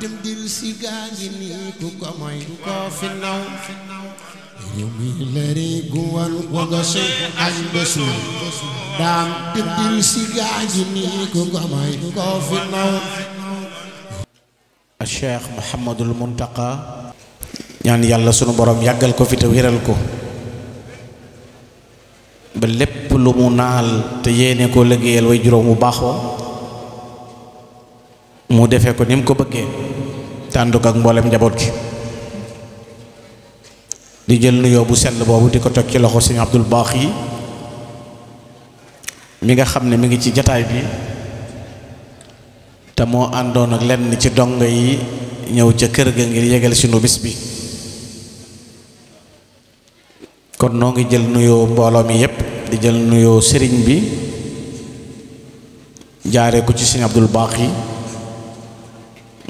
dem dil si gaa ngi nii ku daam dem si gaa nii ko fi naw a cheikh Mouhamadul Muntaqa ñaan yàlla sunu borom yàggal ko fi te wéral ko ba lépp lu mu naal te yéene ko liggéeyal way juróom bu baax mu defee ko ni mu ko bëggee tànd ko ak mboolem njaboot gi di jël nuyoo bu sell boobu di ko teg ci loxo sëñ Abdul Baax yi mi nga xam ne mi ngi ci jataay bi te moo àndoon ak lenn ci dongo yi ñëw ca kër ga ngir yégal sunu bis bi kon noo ngi jël nuyoo mbooloo mi yépp di jël nuyoo sëriñ bi jaaree ko ci sëñ Abdul Baax yi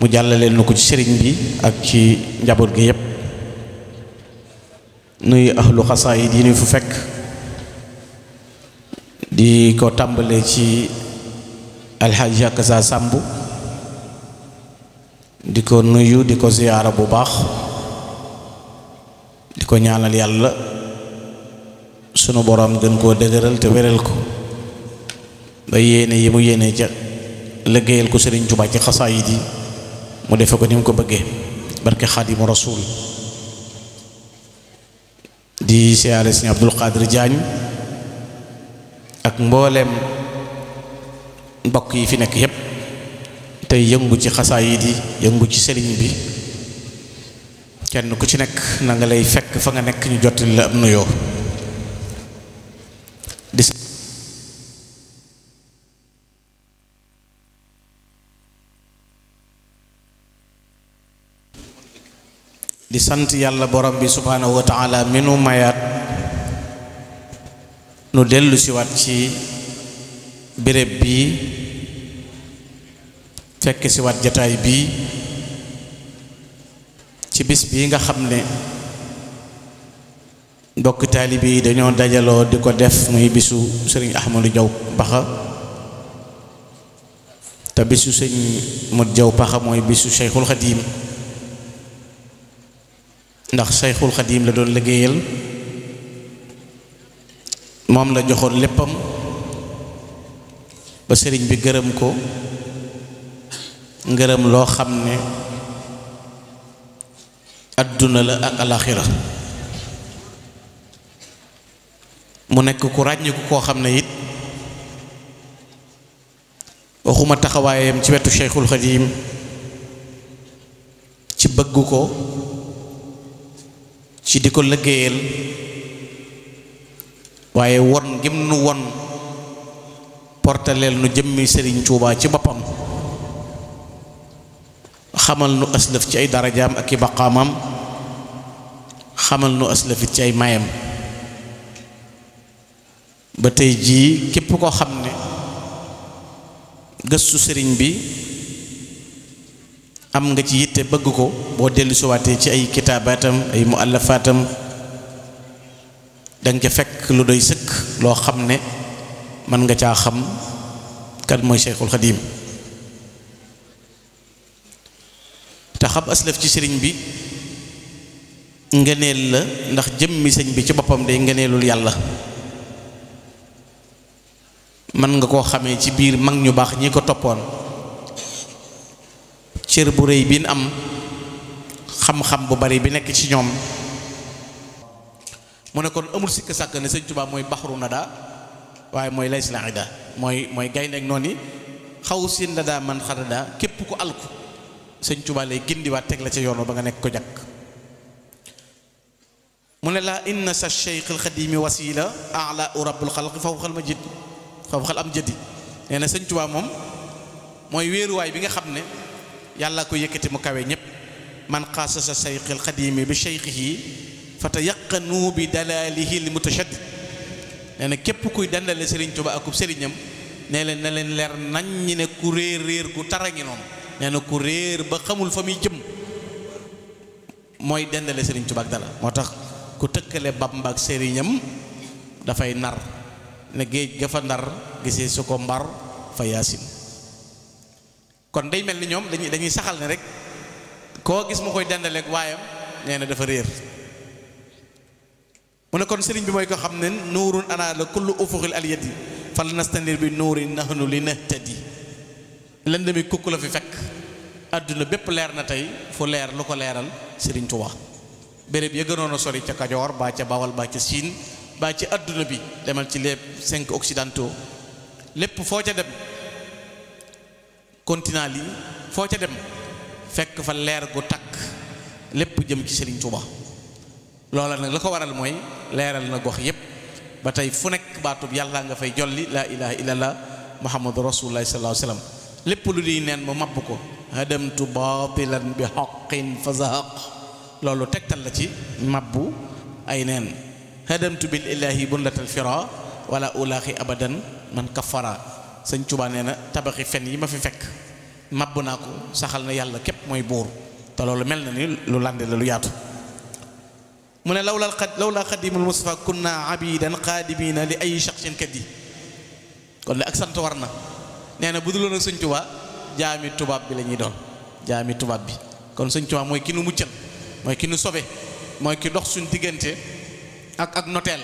mu jàllaleen na ko ci sëriñ bi ak ci njaboot gi yépp nuyu ahlu xasaayid yi nuy fu fekk di ko tàmbalee ci alxaaji akasa sàmb di ko nuyu di ko ziyaara bu baax di ko ñaanal yàlla sunu boroom gën koo dëgëral te wéral ko ba yéene yi mu yéene ca liggéeyal ko sëriñ Tuubaa ci xasaayid yi mu defe ko ni mu ko bëggee barke xaadimu rasul di siyaare sëñ Abdul Qadir Jaañ ak mbooleem mbokk yi fi nekk yépp te yëngu ci xasaay yi yëngu ci sëriñ bi kenn ku ci nekk na nga lay fekk fa nga nekk ñu jottali la am nuyoo di sant yàlla borom bi subhaanahu wa taala mi nu mayaat nu dellu siwaat ci béréb bii fekk siwaat jataay bii ci bis bii nga xam ne mbokk taalibe yi dañoo dajaloo di ko def muy bisu sëriñ Ahmadou Diaw Pakha te bisu sëñ Modou Diaw Pakha mooy bisu Cheikhul Khadim ndax Sayxul Xadiim la doon liggéeyal moom la joxoon léppam ba sëriñ bi gërëm ko ngërëm loo xam ne adduna la ak alaxira mu nekk ku ràññiku koo xam ne it waxuma taxawaayam ci wetu Sayxul Xadiim ci bëgg ko ci di ko liggéeyal waaye won ngim nu won portaleel nu jëmmi Serigne Touba ci boppam xamal nu aslaf ci ay darajaam ak i baqaamam xamal nu aslafit ci ay mayam ba tey jii képp koo xam ne gëstu sëriñ bi am nga ci yitte bëgg ko boo dellu ci ay kitaabaatam ay mu muallafaatam danga ca fekk lu doy sëkk loo xam ne mën nga caa xam kat mooy Cheikhul Xadim te xam aslaf ci sëriñ bi ngëneel la ndax jëmmi sëñ bi ci boppam day ngëneelul yàlla mën nga koo xamee ci biir mag ñu baax ñi ko toppoon cër bu rëy bi am xam-xam bu bari bi nekk ci ñoom mu ne kon amul sikk sàkk ne sëñ Tuubaa mooy baxru na daa waaye mooy lay mooy mooy gaynde ak xaw siin man xada képp ku alku sëñ teg la ca yoon ba nga nekk ko jàkk mu ne laa inna sa cheikh alxadimi wasila ala u rabbul ma jid foofu xel am moom mooy wéeruwaay bi nga xam ne yàlla ko yëkkati mu kawee ñépp man xaasasa sayqil xadiimi bi sayqihi fa tayaqanu bi dalaalihi li mutashaddid nee na képp kuy dandale Serigne Touba akub sëriñam nee leen na leen leer nañ ñi ne ku réer ku tara ngi noonu nee na ku réer ba xamul fa muy jëm mooy dendale Serigne Touba ak dala moo tax ku tëkkale Bamba ak sëriñam dafay nar ne géej ga fa ndar gise su ko mbar fa yaasin kon day mel ni ñoom dañuy dañuy saxal ne rek koo gis mu koy dendaleeg waayam nee na dafa réer mu ne kon sëriñ bi mooy ko xam ne nuurun ana la kullu ufuxil yi fal nastandir bi nuuri nahnu li lënd lëndami kukk la fi fekk àdduna bépp leer na tey fu leer lu ko leeral sëriñ Tuubaa béréb ya gënoon a sori ca Kajoor baa ca Bawal baa ca Siin baa ci àdduna bi demal ci les cinq occidentaux lépp foo ca dem continent lii foo ca dem fekk fa leer gu takk lépp jëm ci Serigne Touba loola nag la ko waral mooy leeral na gox yépp ba tey fu nekk baatub yàlla nga fay jolli laa ilaha illallah muhammadu rasulullah sallallahu alayhi wasallam lépp lu di neen ma mapp ko hadamtu baatilan bi haqqin fa zahaq loolu tegtal la ci mabbu ay neen hadamtu bil ilahi bunlatal fira wala ulaaxi abadan man kafara sëñ Tuubaa nee na tabaxi fen yi ma fi fekk màbb naa ko saxal na yàlla képp mooy buur te loolu mel na ni lu lànde la lu yaatu mu ne lawla lawla xadimul mustafa kunna abidan xaadimina li ay shaxsin kat yi kon la ak sant war na nee na bu duloon ak sëñ Tuubaa jaami tubaab bi lañuy ñuy doon jaami tubaab bi kon sëñ Tuubaa mooy ki muccan mooy ki nu sobe mooy ki dox suñ diggante ak ak noteel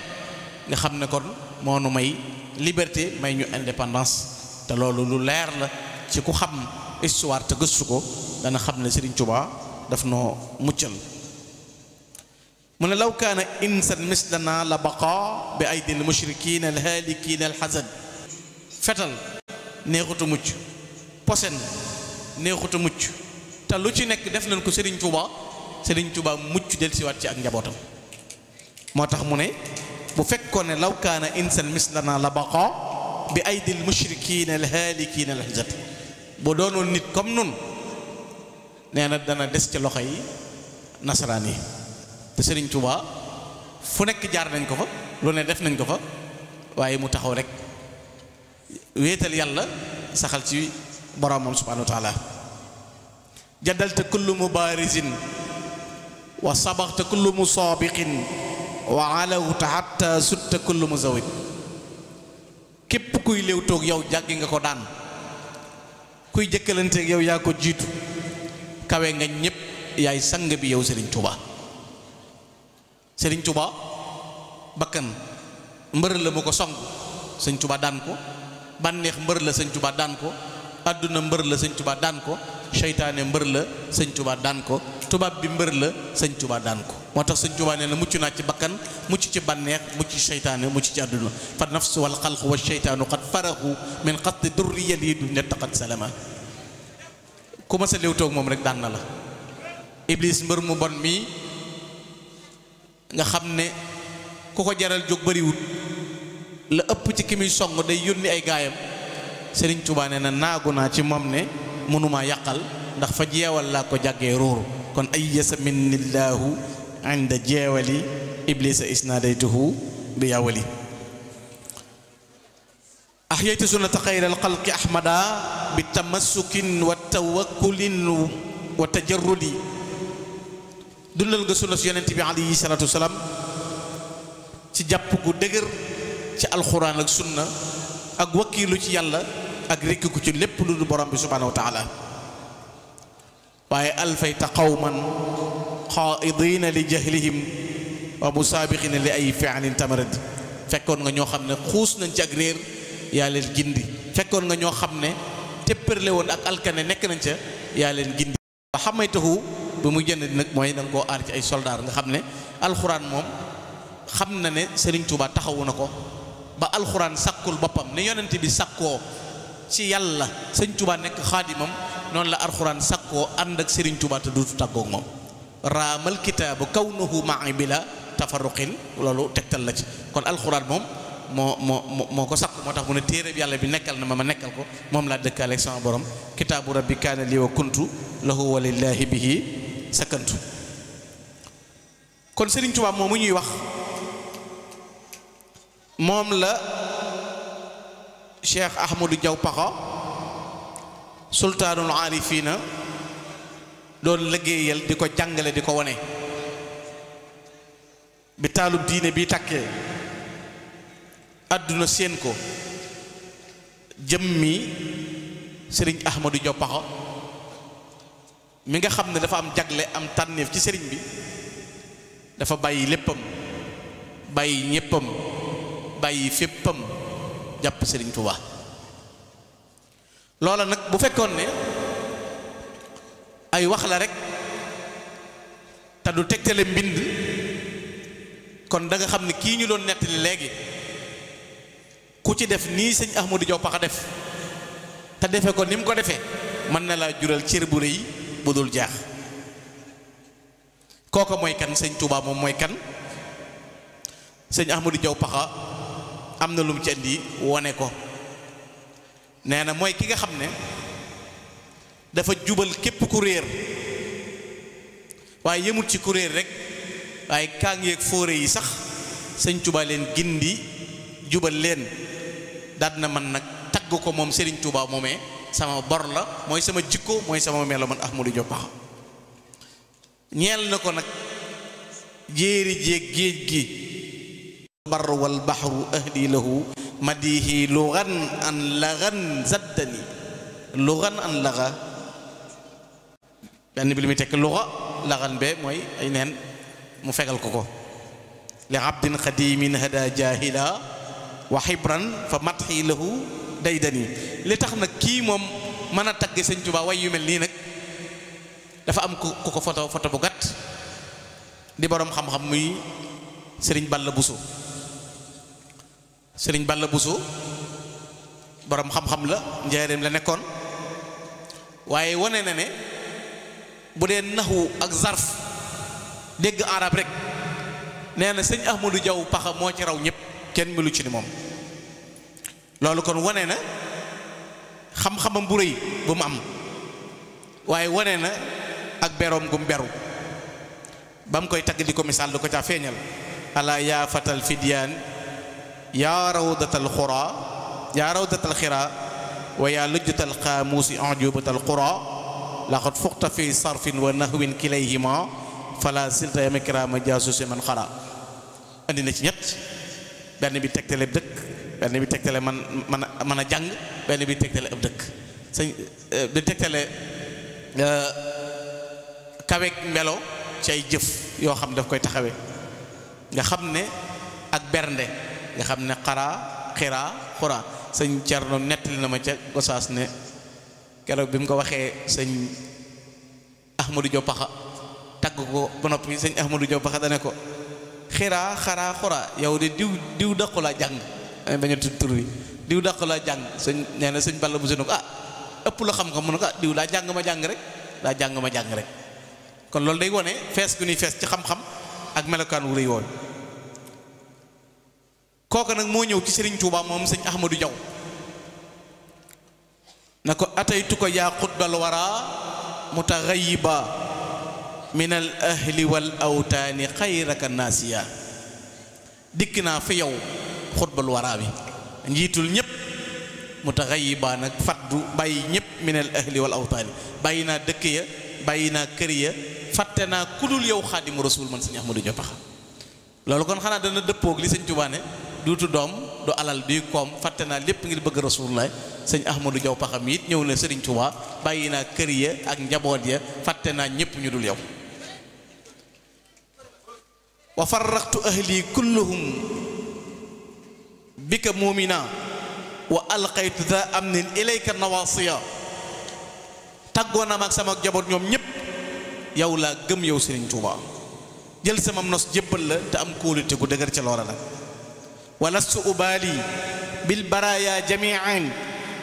nga xam ne kon moo nu may liberté may ñu indépendance te loolu lu leer la ci ku xam histoire te gëstu ko dana xam ne Serigne Touba daf noo muccal mu ne law kaana insan mislana la baqa bi aydi al mushrikin al halikin al hasad fetal neexutu mucc posen neexutu mucc te lu ci nekk def nañ ko Serigne Touba Serigne Touba mucc dellusiwaat ci ak njabootam moo tax mu ne bu fekkoon ne law kaana insan mislana la baqa bi aydil mushrikiina al haalikiina al hajat bu doonoon nit comme nun nee na dana des ci loxo yi nasaraan yi te Sëriñ Tuubaa fu nekk jaar nañ ko fa lu ne def nañ ko fa waaye mu taxaw rek wéetal yàlla saxal ci boromam subhanahu wa taala jadalta kullu mubarisin wa sabaxta kullu musaabiqin wa alawta hatta sutta kullu muzawid képp kuy léewtoog yow jàggi nga ko daan kuy jëkkalanteeg yow yaa ko jiitu kawe nga ñépp yaay sang bi yow sëriñ Touba Serigne Touba bakkan mbër la mu ko song Serigne Touba daan ko bànneex mbër la Serigne Touba daan ko àdduna mbër la Serigne Touba daan ko seytaane mbër la Serigne Touba daan ko tubaab bi mbër la sëñ tubaa daan ko moo tax sëñ Tuubaa nee na mucc naa ci bakkan mucc ci bànneex mucc ci seytaane mucc ci àdduna fa nafsu wal xalq wa seytaanu xat farahu min xat durri yali du netta xat salama ku ma sa léew toog moom rek daan na la iblis mbër mu bon mii nga xam ne ku ko jaral jóg bariwut la ëpp ci ki muy song day yónni ay gaayam Sëriñ Tuubaa nee na naagu naa ci moom ne mënumaa yàqal ndax fa jeewal laa ko jàggee ruuru kon ay yasaminilahu inda jeewali iblisa isnaadaytuhu bi yawali أحييت سنة خير الخلق أحمدا بالتمسك والتوكل والتجرد dundal nga sunna su yonent bi alayhi salaatu wasalaam ci jàpp gu dëgër ci alxuraan ak sunna ak wakkiilu ci yàlla ak rekk ku ci lépp lu dul borom bi subhaanahu wa taala waaye alfayta qawman xaaidiina li jahlihim wa musaabiqina li ay fialin tamarad fekkoon nga ñoo xam ne nañ ci ak réer yaa leen gindi fekkoon nga ñoo xam téppërle woon ak alkane nekk nañ ca yaa leen gindi wa xamaytahu ba mu jënd nag mooy da nga koo aar ci ay soldaar nga xam ne alxuraan moom ne Serigne Touba taxawu na ba alxuraan sakul boppam ne yonent bi sakkoo ci yàlla Serigne Touba nekk xaadimam noonu la alxuraan sakkoo ànd ak Serigne Touba te duutu tàggoog moom raamal kitaabu kawnuhu ma'i bila tafarruqin loolu tegtal la ci kon alxuraan moom moo moo moo ko sakk moo tax mu ne téereb yàlla bi nekkal na ma ma nekkal ko moom laa dëkkaaleeg sama borom kitaabu rabbi kaana li wa kuntu lahu wa lillaahi bihi sakantu kon Serigne Touba moom mu ñuy wax moom la Cheikh Ahmadou Diaw Pakha sultaanul aarifiina doon liggéeyal di ko jàngale di ko wone bi taalub diine bi takkee àdduna séen ko jëm mi sëriñ ahmadu joppaxo mi nga xam ne dafa am jagle am tànneef ci sëriñ bi dafa bàyyi léppam bàyyi ñéppam bàyyi féppam jàpp sëriñ Tuubaa loola nag bu fekkoon ne ay wax la rek te du tegtale mbind kon danga xam ni kii ñu doon nettali léegi ku ci def nii sëñ Ahmadou Diaw Pakha def te defe ko ni mu ko defee mën na laa jural cër bu rëy bu dul jaax kooko mooy kan sëñ Touba moom mooy kan sëñ Ahmadou Diaw Pakha am na lu mu ci andi wone ko nee na mooy ki nga xam ne dafa jubal képp ku réer waaye yëmul ci ku rekk rek waaye kaangeeg fóore yi sax sëñ Tuubaa leen gindi jubal leen daat na man nag tagg ko moom Serigne Touba moomee sama bor la mooy sama jikko mooy sama melo man Ahmadou Diop Pakha ñeel na ko nag jéeri jéeg géej gi barru wal ahli lahu madihi lugan an lagan zaddani lugan an laga benn bi li muy tekk luga lagan be mooy ay neen mu fegal ko ko li abdin xadimin hada jahila wa xibran fa matxi lahu daydani li tax nag kii moom mën a tagge sëñ Tuubaa way yu mel nii nag dafa am ku ko foto foto bu gàtt di boroom xam-xam muy sëriñ Balla Buso sëriñ Balla Bousso borom xam-xam la njaareem la nekkoon waaye wone na ne bu dee naxwu ak zarf dégg arab rek nee na sëñ Ahmadou Diaw paxa moo ci raw ñëpp kenn melu ci ni moom loolu kon wane na xam-xamam bu rëy bu mu am waaye wone na ak beroom gum beru ba mu koy tagg di ko misaal du ko ca feeñal ala yaa fatal fidyaan يا روضة الخرى يا روضة الخراء ويا لجة القاموس أعجوبة القرى لقد فقت في صرف ونهو كليهما فلا زلت يا مكرام جاسوس من خرى andi na ci ñett benn bi tegtale ab dëkk benn bi tegtale man man mën a jàng benn bi tegtale ab dëkk sëñ bi tegtale kaweeg melo ci ay jëf yoo xam daf koy taxawee nga xam ne ak bernde nga xam ne xaraa xiraa xuraa sëñ Cerno nettali na ma ca gosaas ne keroog bi mu ko waxee sëñ Ahmadou Diop Paxa tagg ko ba noppi sëñ Ahmadou Diop Paxa dane ko xiraa xaraa xuraa yow de diw diw daqu laa jàng bañ a tudd tur bi diw daqu laa jàng sëñ nee na sëñ Balla bu sunu ko ah ëpp la xam ko ah, diw ma rek ma rek kon day ci xam-xam ak wu kooka nag moo ñëw ci sëriñ Touba moom sëñ Ahmadou Diaw na ko ataytu ko yaa xutbal wara mu min al ahli wal awtaani xayraka naasiya dikk naa fi yow xutbal wara bi njiitul ñépp mutaxayiba nag faddu bàyyi ñépp min al ahli wal awtaani bàyyi naa dëkk ya bàyyi naa kër ya fàtte naa kudul yow xaadimu rasul man sëñ Ahmadou Diaw taxa loolu kon xanaa dana dëppoog li sëñ Touba duutu doom du alal duy koom fàtte naa lépp ngir bëgg rasulullah sëñ ahmadou jaw paxam it ñëw na sëriñ Tuubaa bàyyi naa kër ya ak njaboot ya fàtte naa ñépp ñu dul yow wa farraqtu ahli kulluhum bika muumina wa alqaytu da amnin ilayka nawasiya tàggoon na ak sama jaboot ñoom ñëpp yow laa gëm yow sëriñ Tuubaa jël samam nos jébbal la te am kóolute gu dëgër ca loola nag ولست أبالي بالبرايا جميعا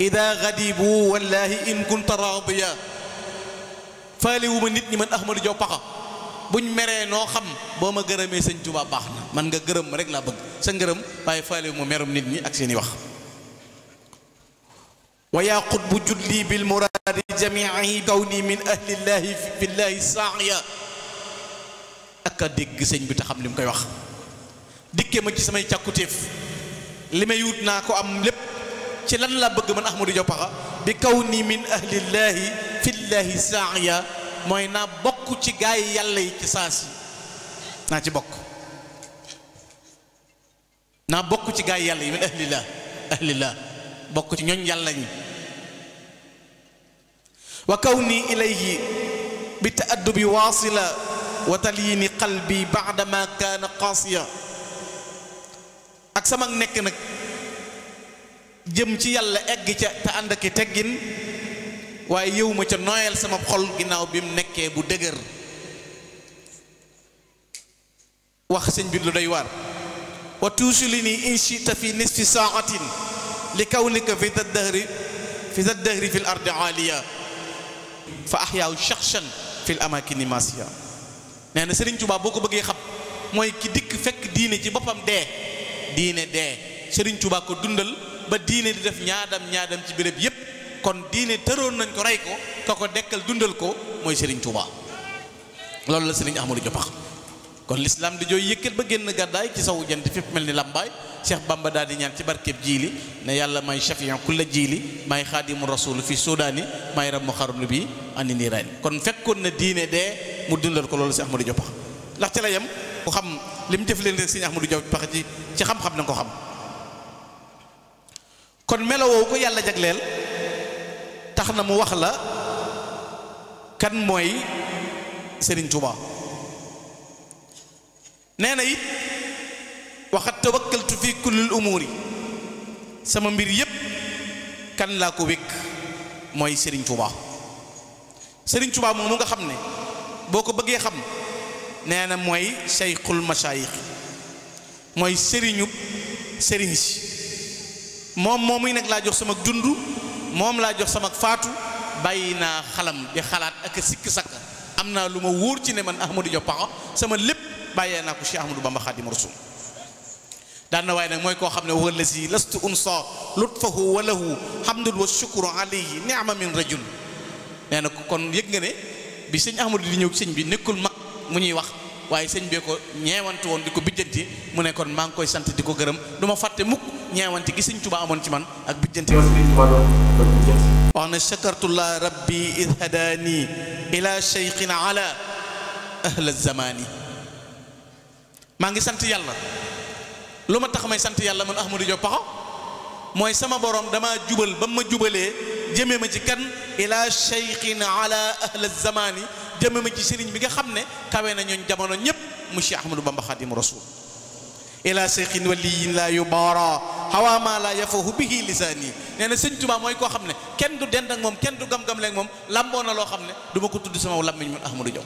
إذا غديبوا والله إن كنت راضيا فالي من نتني من أحمد جو بقى بني مري نوخم خم بوما غرمي سن جوبا باخنا من غا غرم رك سن غرم باي فاليو مو ميرم نتني اك سيني واخ ويا قطب جلي بالمراد جميعه كوني من اهل الله في الله ساعيا اك ديغ سن بي تخم لي dikkee ma ci samay càkkutéef li may wut naa ko am lépp ci lan laa bëgg man Ahmadou Diaw Pakha bi kaw nii min ahlillaahi fillaahi saaya mooy naa bokk ci gaay yàlla yi ci naa ci bokk naa bokk ci gaay yàlla yi min ahlillah ahlillah bokk ci ñooñ yàlla ñi wa kaw nii ilayhi bi taaddubi waasila wa talyini qalbi baada ma kaana qaasiya ak sama nekk nag jëm ci yàlla egg ca te ànd ak teggin waaye yëw ca nooyal sama xol ginaaw bi mu nekkee bu dëgër wax sëñ bi lu doy waar wa tuusuli nii in shita fi nisfi saatin li kawnika fi dahri fi dahri fi l ardi aaliya fa ahyaaw shaxshan fi l amaakini maasiya nee na boo ko bëggee xam mooy ki dikk fekk diine ci boppam dee diine dee Serigne Touba ko dundal ba diine di def ñaadam ñaadam ci béréb yépp kon diine tëroon nañ ko rey ko ka ko dekkal dundal ko mooy Serigne Touba loolu la Serigne Ahmadou Diopax kon l'islam di jooy yëkkat ba génn gàddaay ci sawu jant fépp mel ni lambaay Cheikh Bamba daal di ñaan ci barkeb jiili ne yàlla may chafian kulla jiili may xaadimu rasul fi sudaani may rab mu xarunu bi andi kon fekkoon na diine dee dundal ko loolu si Ahmadou Diopax ndax ca la yem ku xam li mu jëflante sëñ Ahmadou Diaw Paxa ji ci xam-xam na ko xam kon melo ko yàlla jagleel tax na mu wax la kan mooy Serigne Touba nee na it waxat tawakkaltu fi kullil umuuri sama mbir yépp kan laa ko wékk mooy sëriñ Touba sëriñ Touba moom mu nga xam ne boo ko bëggee xam. nee na mooy sayxul masaayix mooy sëriñub sëriñ si moom muy nag laa jox sama dund moom laa jox sama faatu bàyyi naa xalam di xalaat ak sikki sakka am naa lu ma wóor ci ne man Ahmadou Diop Pakha sama lépp bàyyee naa ko Cheikh Ahmadou Bamba Xaadimu Rasuul daan na waaye nag mooy koo xam ne wala si lastu unsa lutfahu walahu hamdul wa shukru alayhi ni'ma min rajul nee na kon yëg nga ne bi sëñ Ahmadou di ñëw sëñ bi nekkul mag mu ñuy wax waaye sëñ bee ko ñeewantu woon di ko bijjanti mu ne kon maa ngi koy sant di ko gërëm du ma fàtte mukk ñeewanti gi sëñ Tuubaa amoon ci man ak bijjanti wax na chakartullah rabbi id hadani ila cheikhin ala ahla zamani maa ngi sant yàlla lu ma tax may sant yàlla man Ahmadou Diop Pakhaw mooy sama borom dama jubal ba ma jubalee jëmee ma ci kan ila cheikhin ala ahla zamani ma ci sëriñ bi nga xamne kawe na ñooñ jamono ñëpp mu Cheikh Ahmadou Bamba khadim rasoul ila sayyidin waliyin la yubara hawa ma la yafahu bihi lisani neena na sëñ moy ko xamne xam kenn du dend ak mom kenn du gam-gam lek mom lambo na lo xamne duma ko tuddu sama lammiñ man Ahmadou Diaw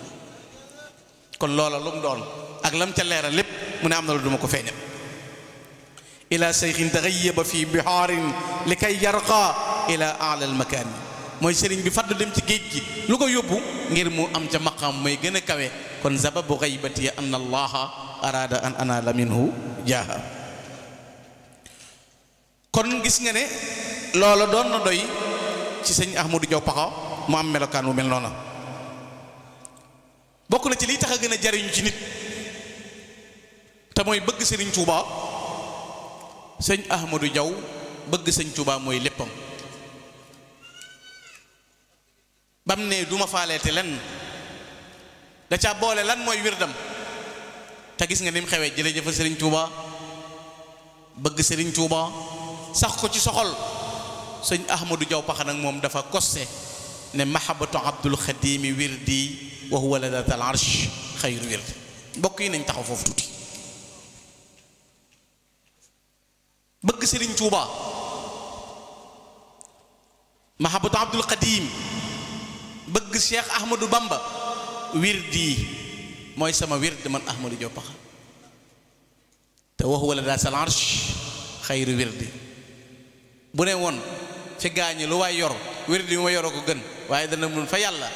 kon loola lu mu doon ak lam ca léral lépp mu ne am na la du ko feñe ila sayyidin taghayyaba fi biharin likay yarqa ila ala al almakaani mooy sëriñ bi faddu dem ci géej gi lu ko yóbbu ngir mu am ca maqaam mooy gën a kawe kon sababu xaybati anna allaha araada an anaala minhu jaaha kon gis nga ne loola doon na doy ci sëñ Ahmadou Diaw Pakha mu am melokaan wu mel noona bokk na ci liy tax a gën a jariñu ci nit te mooy bëgg sëriñ tuuba sëñ Ahmadou jaw bëgg sëñ Touba mooy léppam bam ne du ma faaleete da ca bolé lan moy wirdam ta gis nga nim xewé jëlé jëf sëriñ Touba bëgg sëriñ Touba sax ko ci soxol sëñ Ahmadou Diaw pax nak mom dafa kosse ne mahabbatu abdul khadim wirdi wa huwa ladat al arsh xayru wirdi mbokk yi nañ taxaw fofu tuti bëgg sëriñ Touba mahabbatu abdul khadim bëgg Cheikh Ahmadou Bamba wird yi mooy sama wird man Ahmadou Diop Paxa te wax wala daa sal arsh xayru wirdi bu ne woon fi gaañi lu waay yor wirdi bi ma yoroo ko gën waaye dana mun fa yàlla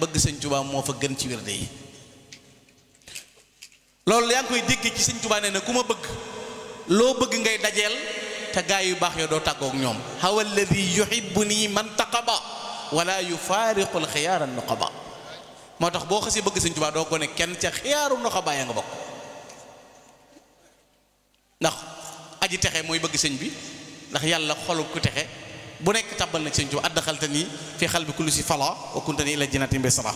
bëgg sëñ Tuubaa moo fa gën ci wirdi yi loolu yaa ngi koy dégg ci sëñ Tuubaa nee na ku ma bëgg loo bëgg ngay dajeel te gaa yu baax yoo doo tàggook ñoom xaw alladi yuhibbu nii man taqaba ولا يفارق الخيار النقباء ما بو خسي بغ سنجبا دو كون كين خيار النقباء ياغ بوك نخ ادي تخي موي بغ سنج بي نخ يالا خلو كو تخي بو نيك تابال نك ادخلتني في قلب كل سي فلا وكنتني الى جنات بسرا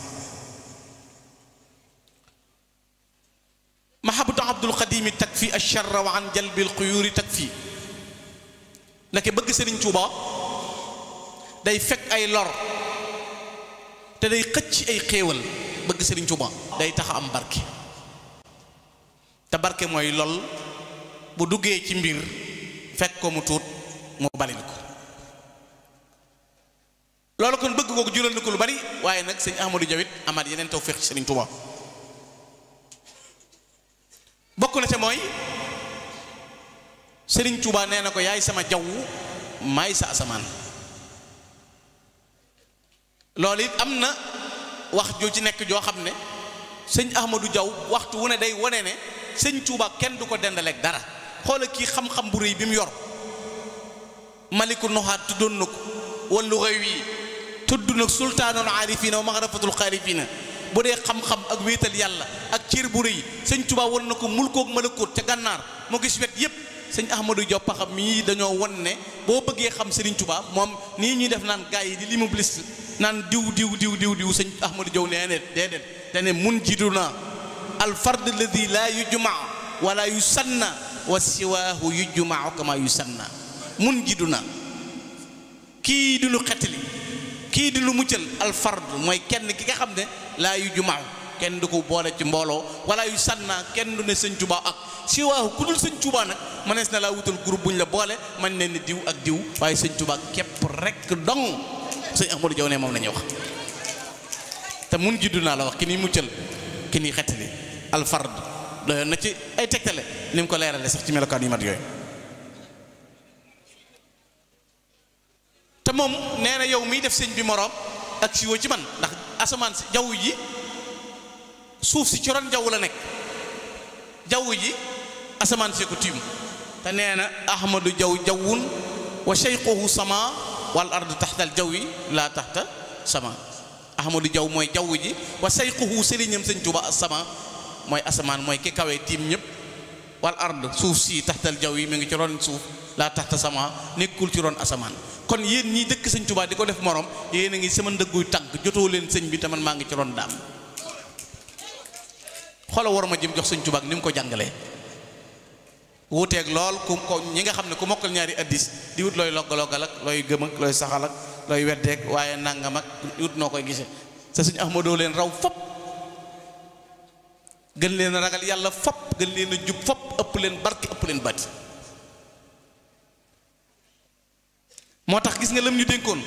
محبة عبد القديم تكفي الشر وعن جلب القيور تكفي لكن بغ سيرن day fekk ay lor te day xëcc ay xéewal bëgg Sëriñ Tuuba day taxa am barke te barke mooy lol bu duggee ci mbir fekk ko mu tuut mu balin ko loolu kon bëgg kooku jural na ko lu bari waaye nag sëñ Ahmadou Diawit amaat yeneen tawféex ci Sëriñ Tuuba bokk na ca mooy Sëriñ Tuuba nee na ko yaay sama jaww may sa asamaan loolu it am na wax joo ci nekk joo xam ne sëñ Ahmadou Diaw waxtu wu ne day wone ne sëñ Touba kenn du ko dendaleeg dara xoola kii xam-xam bu rëy bi mu yor maliku noxaat tuddoon na ko wallu xëy wii tudd na sultaanul aarifiina wa maxrafatul xaarifiina bu dee xam-xam ak wéetal yàlla ak cër bu rëy sëñ Touba won na ko mulkoog malakut ca gànnaar moo gis wet yépp sëñ Ahmadou Diop paxam mii dañoo won ne boo bëggee xam Serigne tubaab moom nii ñuy def naan gars yi di limu blist naan diw diw diw diw diw sëñ Ahmadou Diop nee ne déedéet te ne mun jidu na al fard alladi la yujma wala yusanna wa siwaahu yujma kama yusanna mun jidu na kii di lu kii di lu muccal al fard mooy kenn ki nga xam ne laa yujma kenn du ko boole ci mbooloo wala yu sànnaa kenn du ne sëñ Tuubaa ak si waaw ku dul sëñ Tuubaa nag mënees na laa wutal groupe bu ñu la boole man ne ni diw ak diw waaye sëñ Tuubaa képp rek dong sëñ Ahmadou Diaw moom la ñuy te mun juddu naa la wax ki ni muccal ki ni xettali alfard na ci ay tegtale ni ko leerale sax ci melokaan yu mat yooyu moom nee na yow miy def sëñ bi moroom ak siwo ci man ndax asamaan si jaww suuf si ci ron jaww la nekk jaww ji asamaan si ko tiim te nee na ahmadu jaw jawwun wa cheyquhu sama wal ardu taxtal yi laa taxta sama ahmadu jaw mooy jaww ji wa cheyquhu sëriñam sëñ tuba sama mooy asamaan mooy ki kawee tiim ñëpp wal ard suuf sii taxtal jaw yi mu ngi ci ron suuf laa taxta sama nekkul ci ron asamaan kon yéen ñi dëkk sëñ tubaa di ko def morom yéen a ngi sama ndëgguy tànk jotoo leen sëñ bi man maa ngi ci ron daam xolo war ma jëm jox sëñ Tuubaa ni mu ko jàngale wuuteeg lool ku ko ñi nga xam ne ku mokkal ñaari addis di wut looy logga-loggal ak looy gëm ak looy saxal ak looy weddeeg waaye nangam ak wut noo koy gisee sa sëñ Ahmadoo leen raw fopp gën leen a ragal yàlla fopp gën leen a jub fopp ëpp leen barke ëpp leen bati moo tax gis nga lam ñu dénkoon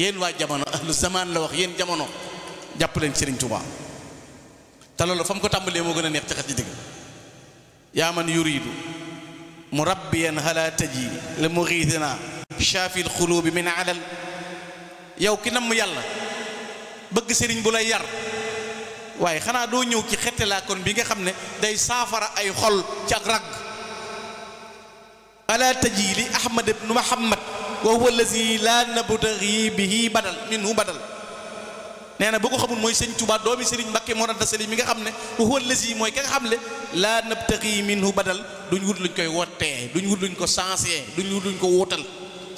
yéen waa jamono ahlu zaman la wax yéen jamono jàpp leen Sëriñ Tuubaa te loolu fa mu ko tàmbalee moo gën a neex ci xasida gi yaa man yuridu murabbiyan hala taji la muxiitina shaafi alxuluubi min alal yow ki namm yàlla bëgg sëriñ bu lay yar waaye xanaa doo ñëw ci xette laa kon bi nga xam ne day saafara ay xol ci ak ragg ala taji li ahmad ibnu muhammad wa huwa allazi la nabtaghi bihi badal minhu badal nee na boo ko xamul mooy sëñ tubaa doomi Sëriñ Mbàkke Mor Anta Sali mi nga xam ne huwa lazi mooy ka nga xam ne laa nabtaqi minhu badal duñ wut luñ koy wottee duñ wut luñ ko sensé duñ wut luñ ko wuutal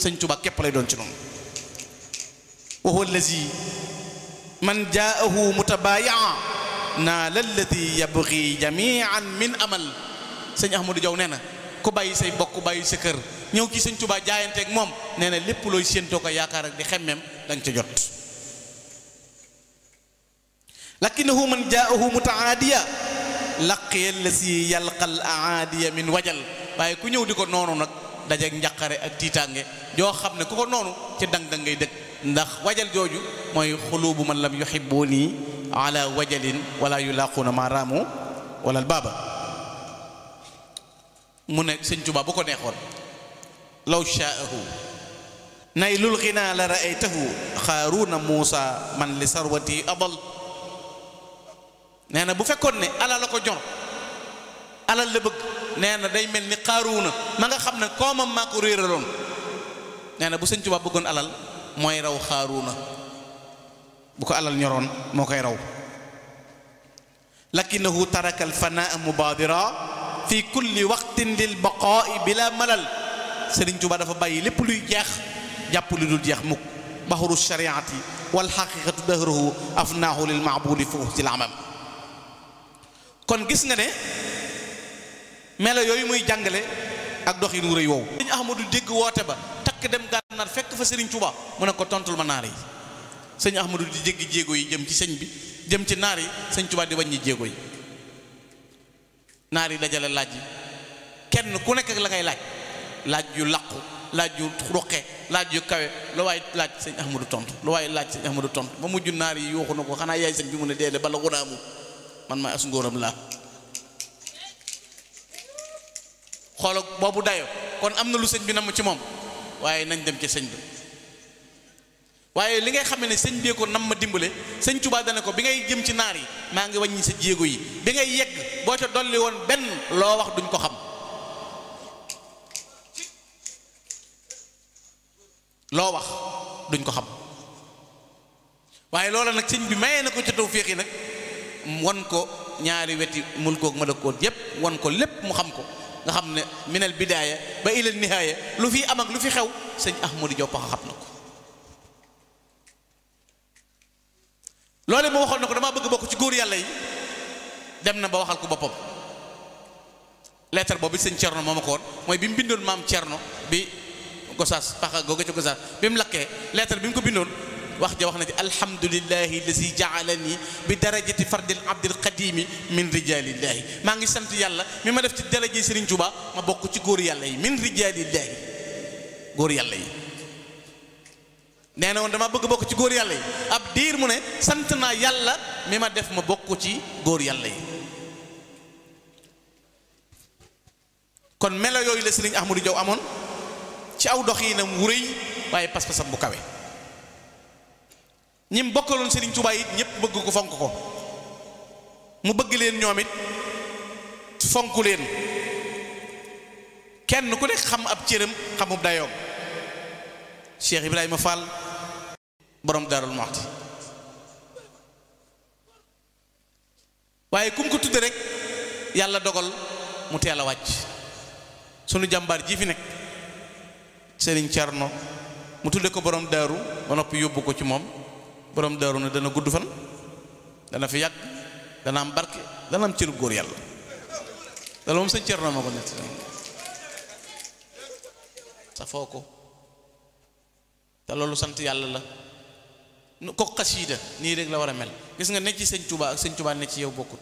sëñ Tuubaa képp lay doon ci noonu huwa lazi man jaa jaahu mutabaayaa naa lalladi yabgi jamian min amal sëñ du Diaw nee na ku bàyyi say bokk bàyyi sa kër ñëw ci sëñ tubaa jaayanteek moom nee na lépp looy séentoo ko yaakaar ak di xemmem da nga ca jot لكنه من جاءه متعاديا لقي الذي يلقى الاعادي من وجل باي كو نيو ديكو نونو نك داجك نياخاري اك تيتانغي جو خامني كوكو نونو تي دانغ دانغي دك ندخ وجل جوجو موي خلوب من لم يحبوني على وجل ولا يلاقون ما راموا ولا البابا من سيني توبا بوكو نيهور لو شاءه نيل الغنى لرايته خارون موسى من لثروتي ابل nee na bu fekkoon ne alal la ko jor alal la bëgg nee na day mel ni xaaruuna ma nga xam ne koomam maa ko réeraloon nee na bu sëñ Tuubaa bëggoon alal mooy raw xaaruuna bu ko alal ñoroon moo koy raw lakinahu taraka alfanaa mubaadira fi kulli waqtin lil baqaa'i bila malal sëriñ Tuubaa dafa bàyyi lépp luy jeex jàpp lu dul jeex mukk baxru shariati wal xaqiqatu dahruhu afnaahu lil maabudi foofu ci laamam kon gis nga ne melo yooyu muy jàngale ak doxin wu rëy woowu sëñ Ahmadu dégg woote ba takk dem gànnaar fekk fa sëriñ Tuubaa mu ne ko tontul ma naar yi sëñ Ahmadu di jéggi jéego yi jëm ci sëñ bi jëm ci naar yi sëñ Tuubaa di wàññi jéego naar yi dajale laaj yi kenn ku nekk la ngay laaj laaj yu làqu laaj yu ruqe laaj yu kawe lu waaye laaj sëñ Ahmadu tontu lu waaye laaj sëñ Ahmadu tontu ba mujj naar yi yuuxu na ko xanaa yaay sëñ bi mu ne deele bala wunaamu man ma as ngóoram laa xoolal boobu dayoo kon am na lu sëñ bi namm ci moom waaye nañ dem ci sëñ bi waaye li ngay xamee ne sëñ bee ko nam ma dimbale sëñ Tuubaa dana ko bi ngay jëm ci naar yi maa ngi wàññi sa jéego yi bi ngay yegg boo ca dolli woon benn loo wax duñ ko xam loo wax duñ ko xam waaye loola nag sëñ bi mayee na ko ci tawféex yi nag won ko ñaari weti mulkook malakoot yépp won ko lépp mu xam ko nga xam ne minal bidaaya ba ilal nihaaya lu fi am ak lu fi xew sëñ Ahmadou Diop Pakha xam na ko loole mu waxoon na ko damaa bëgg bokk ci góor yàlla yi dem na ba waxal ko boppam lettre boobu sëñ Cerno moo ma ko woon mooy bi mu bindoon maam Cerno bi Gosaas Pakha googe ci Gosaas bi mu lakkee lettre bi mu ko bindoon wax ja wax na ci alhamdulillahi lazi jaalani bi darajati fardil abdil qadimi min rijalillahi maa ngi sant yàlla mi ma def ci daraje Serigne Touba ma bokk ci góor yàlla yi min rijalillahi góor yàlla yi nee na woon dama bëgg bokk ci góor yàlla yi ab diir mu ne sant yàlla mi ma def ma bokk ci góor yàlla yi kon melo yooyu la Serigne Ahmadou Diaw amoon ci aw dox yi nam wuréy waaye pas-pasam bu kawe ñi mu bokkaloon Serigne Touba it ñëpp bëgg ko fonk ko mu bëgg leen ñoom it fonk leen kenn ku nekk xam ab cëram xamub dayoom Cheikh Ibrahima Fall boroom Daarul Muxti waaye kum ko tudd rek yàlla dogal mu teel a wàcc sunu jàmbaar ji fi nekk Serigne Thierno mu tudde ko borom daaru ba noppi yóbbu ko ci moom borom daaru na dana gudd fan dana fi yàgg dana am barke dana am cër góor yàlla loolu moom sëñ Cerno ma ko nett safoo ko te loolu sant yàlla la nu ko xasiida nii rek la war a mel gis nga nekk ci sëñ Tuubaa ak sëñ Tuubaa ne ci yow bokkut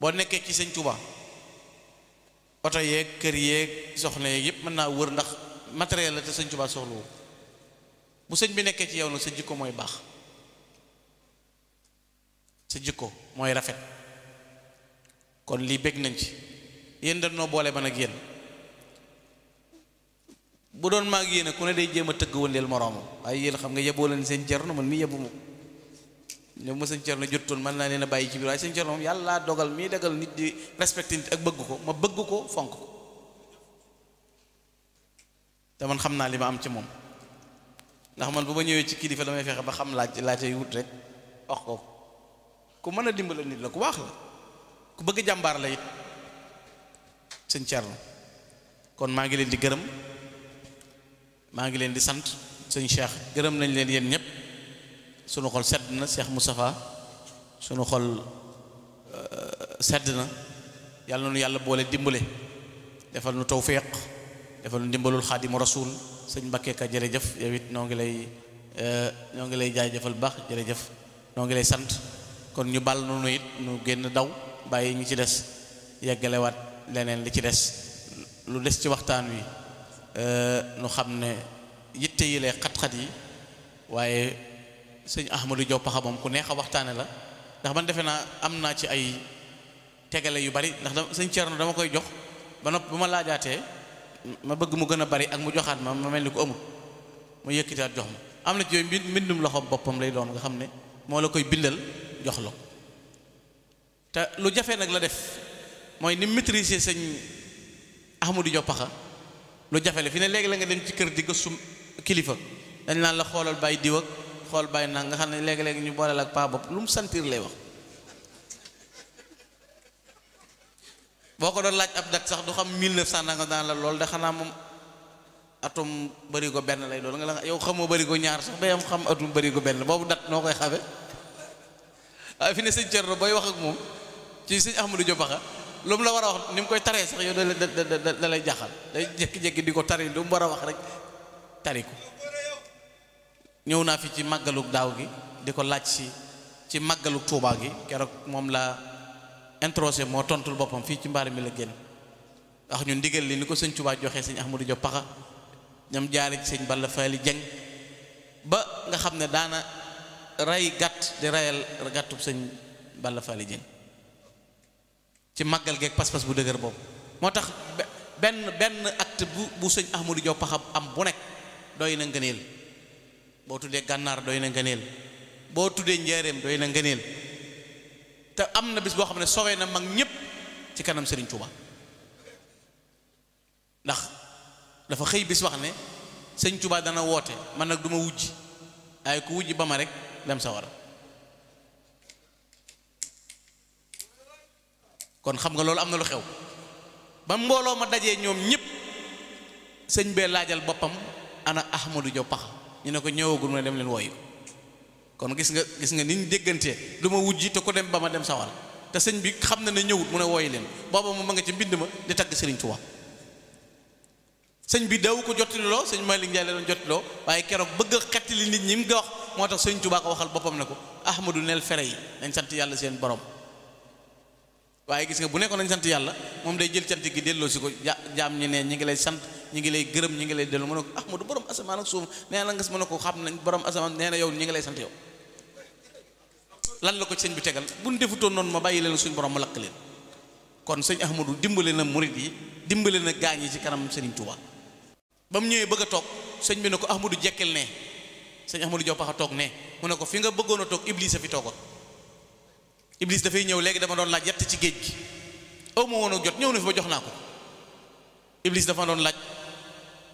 boo nekkee ci sëñ Tuubaa oto yeeg kër yeeg soxna yeeg yëpp mën naa wër ndax matériel la te sëñ Tuubaa soxla bu sëñ bi nekkee ci yow nag sa jikko mooy baax sa jikko mooy rafet kon lii bég nañ ci yéen noo boole ba nag yéen bu doon maag yéen ku ne day jéem a tëgg wëndeel moroomam waaye yéen xam nga yeboo leen seen cerno man mii yebu ma ñoom ma seen cerno jottoon man naa leen a bàyyi ci biir waaye seen cerno moom yàlla dogal mii dagal nit di respecté nit ak bëgg ko ma bëgg ko fonk ko te man xam naa li ma am ci moom ndax man bu ma ñëwee ci kilifa damay fexe ba xam laaj laajte yu wut rek wax ko ku mën a dimbale nit la ku waax la ku bëgg jàmbaar lay it sëñ kon maa ngi leen di gërëm maa ngi leen di sant sëñ Cheikh gërëm nañ leen yéen ñëpp sunu xol sedd na Cheikh Moustapha sunu xol euh, sedd na yàlla na nu yàlla boole dimbale defal nu tawfiq defal nu dimbalul xaadimu rasul sëñ Mbakke Ka jërëjëf yow it noo ngi lay ñoo eh, ngi lay jaajëfal baax jërëjëf ñoo ngi lay sant kon ñu bal noonu it nu génn daw bàyyi ñu ci des yeggalewaat leneen li ci des lu des ci waxtaan wi eh, nu xam ne yitte yi lay xat-xat yi waaye sëñ Ahmadou Diop Paxa moom ku neex a waxtaane la ndax man defe naa am naa ci ay tegale yu bari ndax sëñ Thierno dama koy jox ba nopp bu ma laajaatee ma bëgg mu gën a bari ak mu joxaat ma ma mel ni ko amul mu yëkkitaat jox ma am na ci yooyu mbindum loxoom boppam lay doon nga xam ne moo la koy bindal jox la te lu jafe nag la def mooy ni maîtriser sëñ Ahmadou Diop Paxa lu jafe la fi ne léegi la nga dem ci kër di gëstu kilifa dañ naan la xoolal bàyyi diw ak xool bàyyi nag nga xam ne léegi-léegi ñu booleel ak paa bopp lu mu sentir lay wax boo ko doon laaj ab dat sax du xam 1900 nanga daan la lool de xanaa moom atum ko benn lay doon nga la yow xamoo barigo ñaar sax bay am xam atum bari ko benn boobu dat noo koy xame waaye fi ne sëñ Thierno booy wax ak moom ci sëñ Ahmadou du baxa lu mu la war a wax koy taree sax yow da da da di ko tari lu mu war a wax rek tari ko ñëw naa fi ci màggalug daaw gi di ko laaj si ci màggalug Tuubaa gi keroog moom la introsé moo tontul boppam fii ci mbaar mi la génn wax ñu ndigal li ni ko sëñ Tuubaa joxee sëñ Ahmadou Diop Paxa ñam jaari ci sëñ Balla Faali Jeng ba nga xam ne daana rey gàtt di reyal gàttub sëñ Balla Faali Jeng ci màggal geeg pas-pas bu dëgër boobu moo tax benn benn act bu bu sëñ Ahmadou Diop Paxa am bu nekk doy na ngëneel boo tuddee gànnaar doy na ngëneel boo tuddee njaareem doy na ngëneel te am na bis boo xam ne soowee na mag ñépp ci kanam Serigne Touba ndax dafa xëy bis wax ne Serigne Touba dana woote man nag du ma wujj ay ku wujj ba ma rekk dem sa kon xam nga loolu am na lu xew ba mbooloo ma dajee ñoom ñëpp sëñ bee laajal boppam ana Ahmadou Diop pax ñu ne ko ñëwagul mu ne dem leen wooyu kon gis nga gis nga ni ñu déggantee lu ma wujji te ku dem ba ma dem sawal te sëñ bi xam na ne ñëwut mu ne wooyi leen booba moom a nga ci mbind ma di tagg Sëriñ Tuubaa sëñ bi daw ko jottiloo sëñ Malick Ndiaye la doon jottiloo waaye keroog bëgg a li nit ñi mu nga wax moo tax sëñ Tuubaa ko waxal boppam ne ko ahmadu neel fere yi nañ sant yàlla seen borom waaye gis nga bu nekkoon nañ sant yàlla moom day jël cant gi delloo si ko jaam ñi ne ñi ngi lay sant ñu ngi lay gërëm ñu ngi lay dellu mu ne ko ahmadu borom asamaan ak suuf nee na nga mu ne ko xam nañ borom asamaan nee na yow ñi ngi lay sant yow lan la ko sëñ bi tegal bu ñu defutoon noonu ma bàyyi leen suñu borom mu lakk leen kon sëñ ahmadu dimbale na murid yi dimbale na gaañ yi ci kanam sëriñ Tuubaa ba mu ñëwee bëgg a toog sëñ bi ne ko ahmadu jekkil ne sëñ ahmadu jopax a toog ne mu ne ko fi nga bëggoon a toog iblis a fi toogoon iblis dafay ñëw léegi dama doon laaj yett ci géej gi aw ma woon jot ñëw na fi jox naa ko iblis dafa doon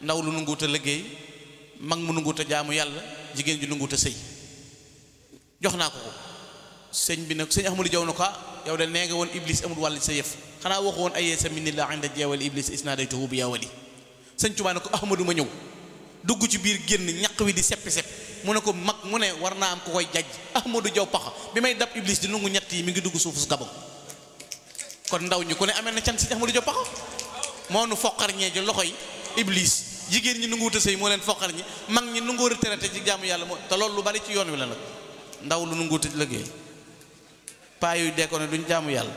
ndaw lu nunguuta liggéey mag mu nunguuta jaamu yàlla jigéen ju nunguuta sëy jox naa ko ko sëñ bi nag sëñ Ahmadou Jaw na ah, yow de nee nga iblis amul wàll sa yëf xanaa waxu woon ayee sa minilla inda jeewali iblis isnaadaytuhu bi yaa wali sëñ Tuubaa ne ko Ahmadou ma ñëw dugg ci biir génn ñaq wi di seppi sepp mu ne ko mag mu ne war am ko koy jaj Ahmadou Jaw paxa bi may dab iblis di nungu ñett yi mi ngi dugg suufu su gabam kon ndaw ñi ku ne amee na can sëñ Ahmadou Jaw paxa moo nu foqar ñee ji loxoy iblis jigéen ñi nu ngu wuta moo leen foqal ñi mag ñi nu ngoo retraité ci jaamu yàlla moo te loolu lu bari ci yoon wi la nag ndaw lu nu nguuta liggéey paa yuy dekkoon duñ yàlla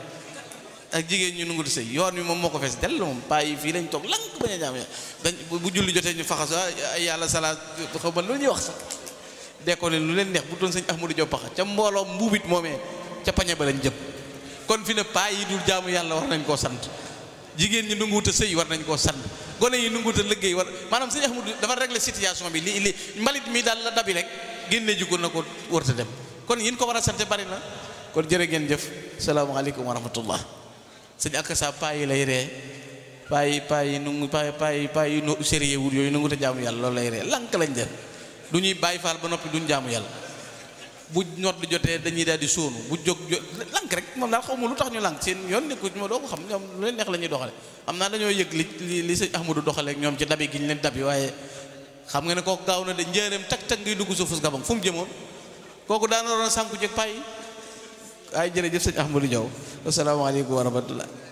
ak jigéen ñi nu nguuta yoon wi moom moo ko fees dell moom paa yi fii lañ toog lank bañ a jaamu yàlla dañ bu julli jotee yàlla salaat xaw ma lu ñuy wax sax dekkoon lu leen neex bu doon sëñ Ahmadou Diop paxa ca mbooloo mbuubit moomee ca pañe ba lañ jëm kon fi ne paa yi dul jaamu yàlla war nañ koo sant jigéen ñi nanguwut a sëy war nañ koo sànn gone yi nanguwut liggéey war maanaam sëñ Ahmadu dafa régler situation bi li li mbalit mi daal la dabi rek génne jugoon na ko wërta dem kon yin ko war a sante bari na kon jërë ngeen jëf salaamaaleykum wa rahmatullah sëñ akasa paa yi lay ree paa yi paa yi nu paa paa yi paa yi sérieux wul yooyu nanguwut a jaamu yàlla loolu lay ree lank lañ def du ñuy bàyyi faal ba noppi duñ jaamu yàlla bu noot lu jotee dañuy daal di sóonu bu jóg jo lànk rek moom daal xaw ma lu tax ñu lànk seen yoon nekku ma doo ko xam ñoom lu leen neex la ñuy doxale am naa dañoo yëg li li sëñ Ahmadou doxale ak ñoom ci dabi gi ñu leen dabi waaye xam nga ne kooku gaaw na de njëreem tak tak ngay dugg suufus gabam fu mu jëmoon kooku daana roon sànku jeg pay ay jërëjëf sëñ Ahmadou Diaw asalaamaaleykum wa rahmatullah